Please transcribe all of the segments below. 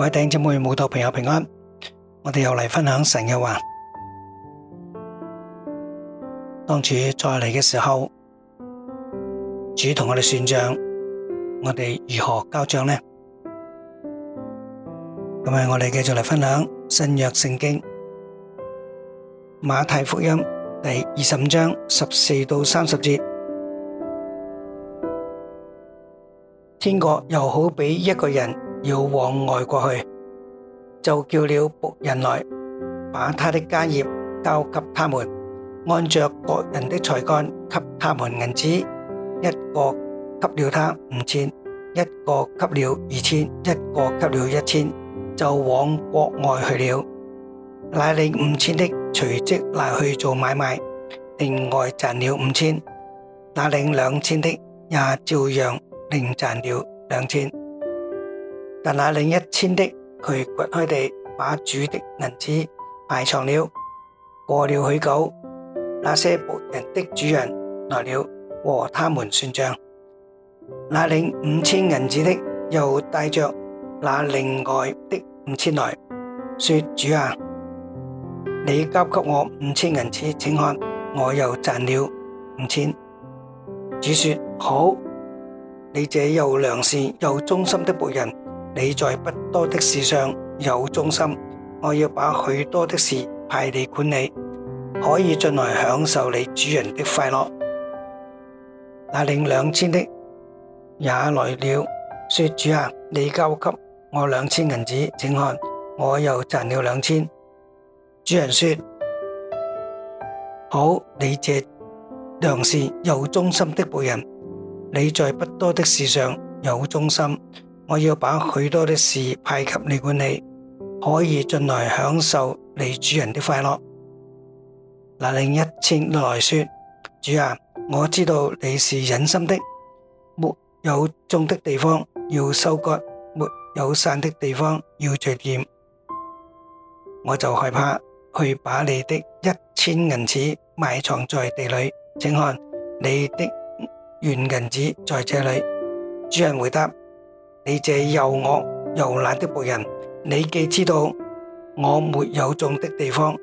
各位弟兄姊妹，信徒朋友平安，我哋又嚟分享神嘅話。當主再嚟嘅時候，主同我哋算賬，我哋如何交賬呢？今日我哋繼續來分享新約聖經馬太福音第二十五章，十四到三十節。天國又好比一個人要往外國去,就叫了僕人來,把他的家業交給他們,按著各人的才幹給他們銀子,一個給了他五千,一個給了二千,一個給了一千,就往國外去了。那領五千的隨即拿去做買賣,另外賺了五千;那領兩千的也照樣另賺了兩千。但那領一千的，佢掘開地，把主的銀子埋藏了。過了許久，那些僕人的主人來了，和他們算賬。那領五千銀子的又帶着那另外的五千來，說：主啊，你交給我五千銀子，請看我又賺了五千。主說：好，你這又良善又忠心的僕人。你在不多的事上有忠心，我要把許多的事派你管理，可以進來享受你主人的快樂。那領兩千的也來了，說：主啊，你交給我兩千銀子，請看我又賺了兩千。主人說：好，你這良善有忠心的僕人，你在不多的事上有忠心。我要把許多的事派給你管理，可以進來享受你主人的快樂。嗱，另一千來說，主啊，我知道你是忍心的，沒有種的地方要收割，沒有散的地方要聚斂，我就害怕去把你的一千銀子埋藏在地裏。請看，你的原銀子在這裏。主人回答。你這又惡又懶的僕人，你既知道我沒有種的地方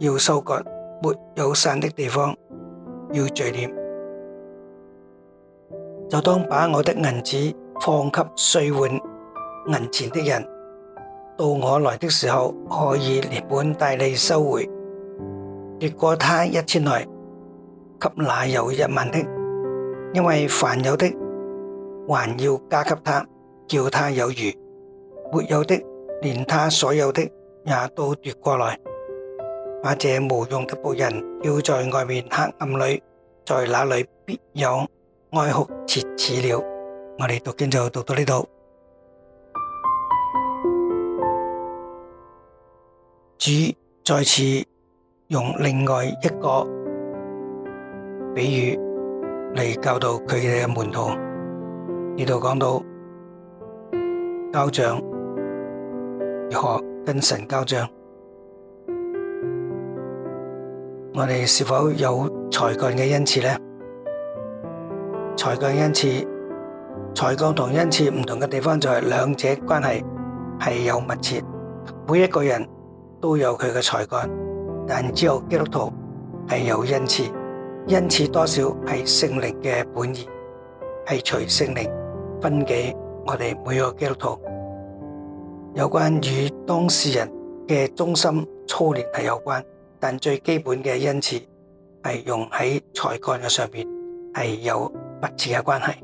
要收割，沒有散的地方要聚斂，就當把我的銀子放給兌換銀錢的人，到我來的時候可以連本帶利收回。越過他一千來，給那有一萬的，因為凡有的。還要加給他，叫他有餘；沒有的，連他所有的也都奪過來。把這無用的僕人，丟在外面黑暗裏，在那裏必有哀哭切齒了。我哋讀經就讀到呢度。主再次用另外一個比喻嚟教導佢哋嘅門徒。呢度講到，交賬，分給我哋每個基督徒，有關與當事人嘅忠心操練係有關，但最基本嘅恩賜係用喺才幹嘅上面，係有密切嘅關係。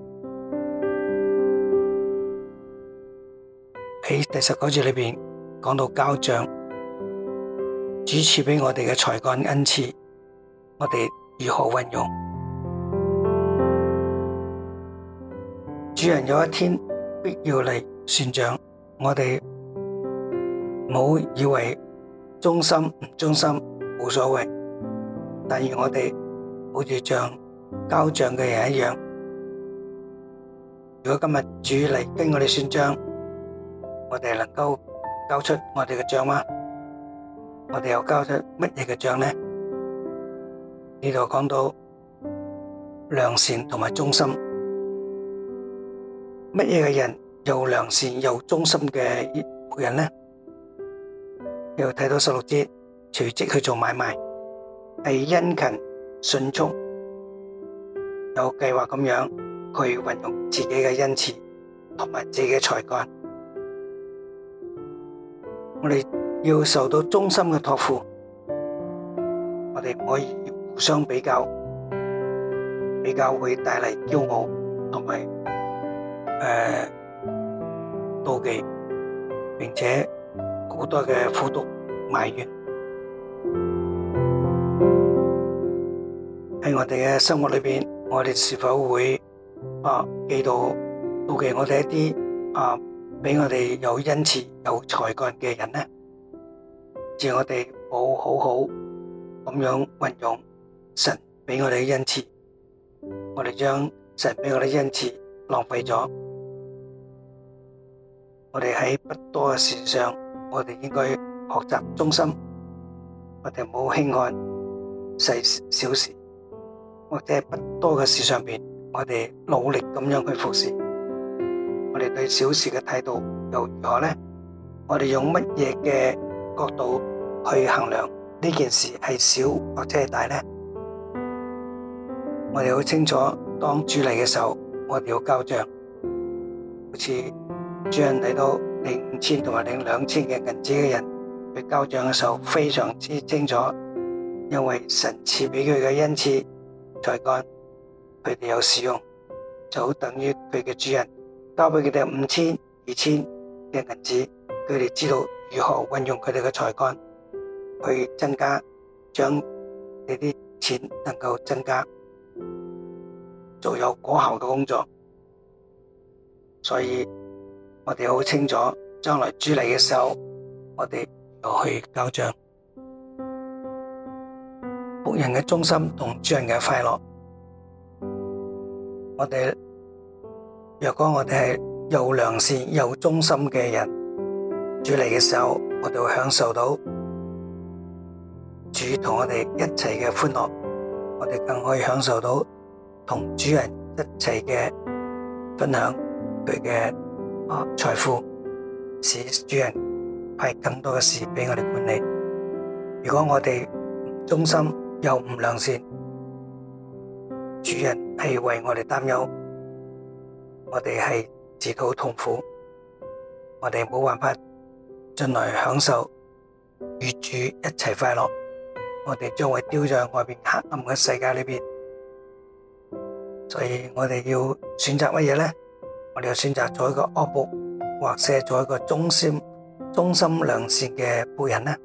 喺第十九節裏面講到交賬，主賜俾我哋嘅才幹恩賜，我哋如何運用？主人有一天必要嚟算賬，我哋唔好以為忠心唔忠心冇所謂，但如我哋好似像交賬嘅人一樣，如果今日主嚟跟我哋算賬，我哋能夠交出我哋嘅賬嗎？我哋又交出乜嘢嘅賬呢？呢度講到良善同埋忠心。乜嘢嘅人又良善又忠心嘅僕人呢？又睇到十六節，隨即去做買賣，係殷勤迅速，有計劃咁樣去運用自己嘅恩賜同埋自己嘅才幹。我哋要受到忠心嘅託付，我哋唔可以互相比較，比較會帶嚟驕傲同埋。誒、呃，妒忌，並且好多嘅苦毒埋怨，喺我哋嘅生活裏邊，我哋是否會啊嫉妒，妒忌我哋一啲啊俾我哋有恩賜有才幹嘅人呢？似我哋冇好好咁樣運用神俾我哋嘅恩賜，我哋將神俾我哋嘅恩賜浪費咗。我哋喺不多嘅事上，我哋應該學習忠心，我哋唔好輕看細小事，或者不多嘅事上邊，我哋努力咁樣去服侍。我哋對小事嘅態度又如何呢？我哋用乜嘢嘅角度去衡量呢件事係小或者係大呢？我哋好清楚，當主嚟嘅時候，我哋要交賬，好似。主人睇到領五千同埋領兩千嘅銀子嘅人，佢交賬嘅時候非常之清楚，因為神賜俾佢嘅恩賜才幹，佢哋有使用，就等於佢嘅主人交俾佢哋五千、二千嘅銀子，佢哋知道如何運用佢哋嘅才幹去增加，將呢啲錢能夠增加，做有果效嘅工作，所以。我哋好清楚，將來主嚟嘅時候，我哋就會去交賬。僕人嘅忠心同主人嘅快樂，我哋若果我哋係又良善又忠心嘅人，主嚟嘅時候，我哋會享受到主同我哋一齊嘅歡樂，我哋更可以享受到同主人一齊嘅分享佢嘅。財、啊、富是主人派更多嘅事俾我哋管理。如果我哋唔忠心又唔良善，主人係為我哋擔憂，我哋係自討痛苦，我哋冇辦法進來享受與主一齊快樂，我哋將會丟在外邊黑暗嘅世界裏面。所以我哋要選擇乜嘢呢？我哋選擇做一個惡僕，或者做一個忠心、忠心良善嘅僕人咧。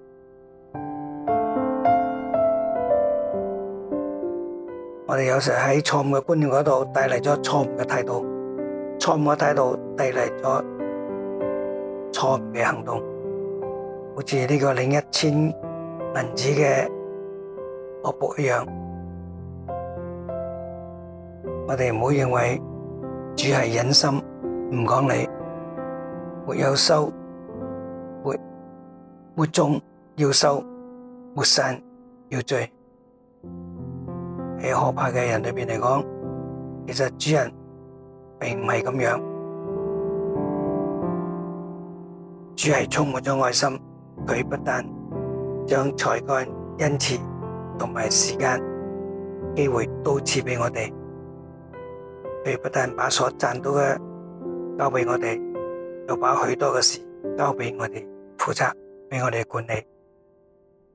我哋有時喺錯誤嘅觀念嗰度帶嚟咗錯誤嘅態度，錯誤嘅態度帶嚟咗錯誤嘅行動，好似呢個領一千銀子嘅惡僕一樣。我哋唔好認為。主係忍心，唔講理，沒有收，沒沒種要收，沒散要聚。喺可怕嘅人裏面嚟講，其實主人並唔係咁樣，主係充滿咗愛心，佢不但將才幹、恩賜同埋時間、機會都賜俾我哋。佢不但把所賺到嘅交俾我哋，又把許多嘅事交俾我哋負責，俾我哋管理，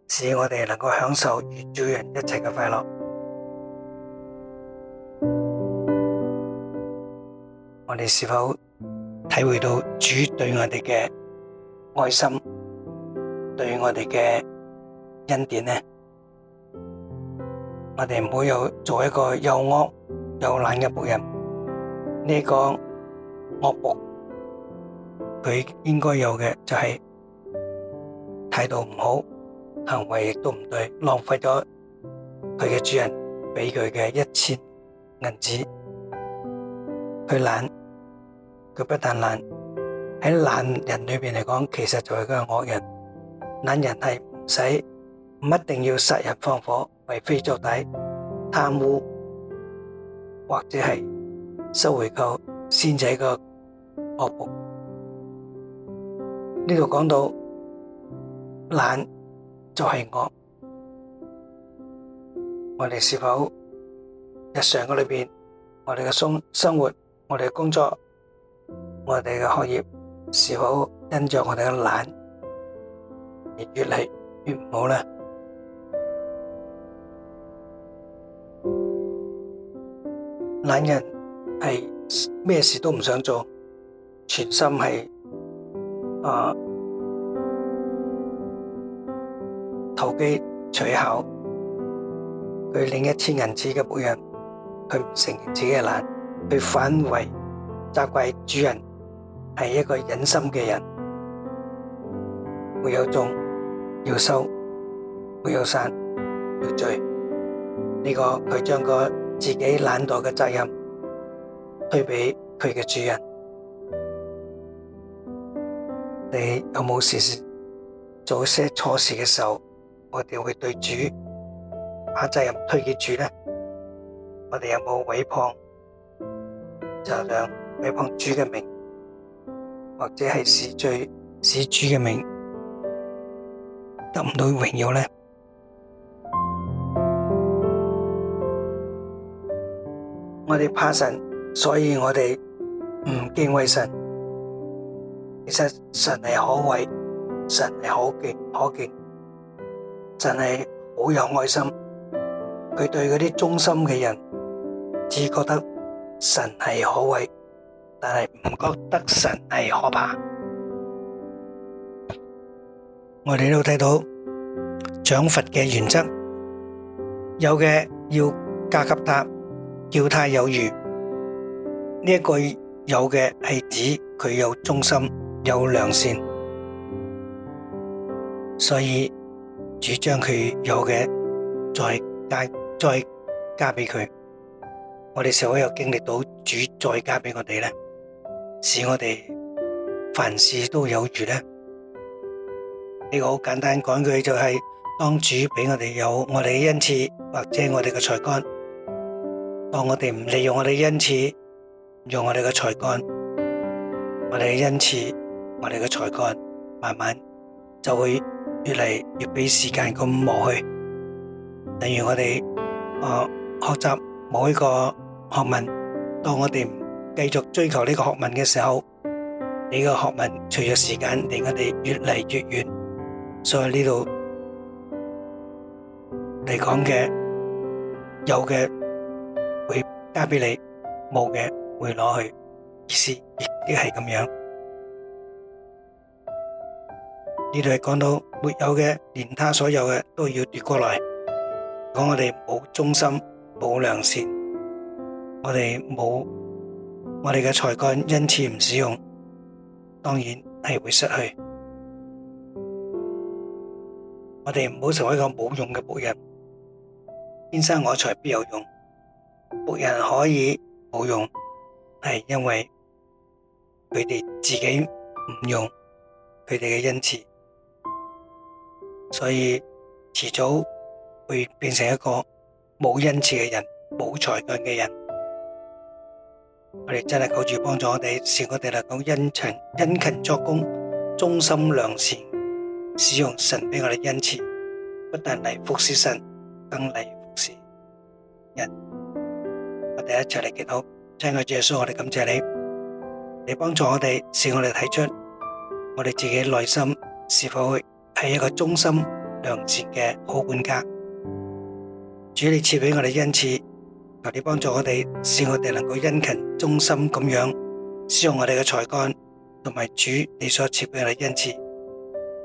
使我哋能夠享受與主人一齊嘅快樂。 我哋是否體會到主對我哋嘅愛心，對我哋嘅恩典呢？我哋唔好又做一個又惡又懶嘅僕人。呢個惡僕佢應該有嘅就係態度唔好，行為亦都唔對，浪費咗佢嘅主人俾佢嘅一千銀子。佢懶，佢不但懶，喺懶人裏面嚟講，其實就係個惡人。懶人係唔使，唔一定要殺人放火、為非作歹、貪污或者係。.收回個善仔個惡報，呢度講到懶就係惡，我哋是否日常嘅裏面，我哋嘅生生活、我哋嘅工作、我哋嘅學業，是否因着我哋嘅懶而越嚟越唔好呢？懶人。係咩事都唔想做，全心係啊投機取巧，去領一千銀紙嘅保養，佢唔承認自己懶，佢反為責怪主人係一個忍心嘅人，沒有種要收，沒有散要聚，呢個佢將個自己懶惰嘅責任。推俾佢嘅主人。你有冇時時做些錯事嘅時候，我哋會對主把責任推給主咧？我哋有冇毀謗，就想毀謗主嘅名，或者係使罪使主嘅名得唔到榮耀咧？我哋怕神。所以我哋唔敬畏神，其實神係可畏，神係可敬可敬，神係好有愛心。佢對嗰啲忠心嘅人，只覺得神係可畏，但係唔覺得神係可怕。 我哋都睇到賞罰嘅原則，有嘅要加給他，叫他有餘。呢一句有嘅係指佢有忠心有良善，所以主將佢有嘅再加再加俾佢。我哋所有經歷到主再加俾我哋咧，使我哋凡事都有餘咧。呢個好簡單講句就係，當主俾我哋有，我哋嘅恩賜或者我哋嘅才幹，當我哋唔利用我哋嘅恩賜。用我哋嘅才幹，我哋嘅恩賜，我哋嘅才幹慢慢就會越嚟越俾時間咁磨去。等於我哋誒學習某一個學問，當我哋唔繼續追求呢個學問嘅時候，呢個學問隨著時間離我哋越嚟越遠。所以呢度你講嘅有嘅會加俾你，冇嘅，會攞去，意思亦都係咁樣。呢度係講到沒有嘅，連他所有嘅都要奪過來。講我哋冇忠心，冇良善，我哋冇我哋嘅才幹，因此唔使用，當然係會失去。我哋唔好成為一個冇用嘅僕人。天生我材必有用，僕人可以冇用。係因為佢哋自己唔用佢哋嘅恩賜，所以遲早會變成一個冇恩賜嘅人，冇才幹嘅人。我哋真係靠住幫助我哋，使我哋嚟講恩情、殷勤作工、忠心良善，使用神俾我哋恩賜，不但嚟服侍神，更嚟服侍人。我哋一齊嚟祈禱。親愛的主耶穌，我哋感謝你，你幫助我哋，使我哋睇出我哋自己內心是否係一個忠心良善嘅好管家。主你賜俾我哋恩賜，求你幫助我哋，使我哋能夠殷勤忠心咁樣使用我哋嘅才幹，同埋主你所賜俾我哋恩賜。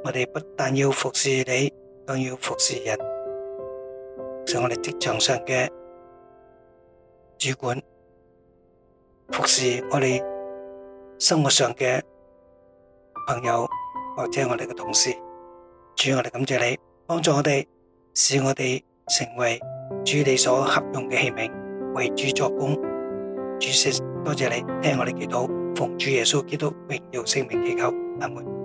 我哋不但要服侍你，更要服侍人，上我哋職場上嘅主管。服侍我哋生活上嘅朋友或者我哋嘅同事，主，我哋感謝你，幫助我哋，使我哋成為主你所合用嘅器皿，為主作工。主聖，多謝你聽我哋祈禱，奉主耶穌基督榮耀聖名祈求，阿門。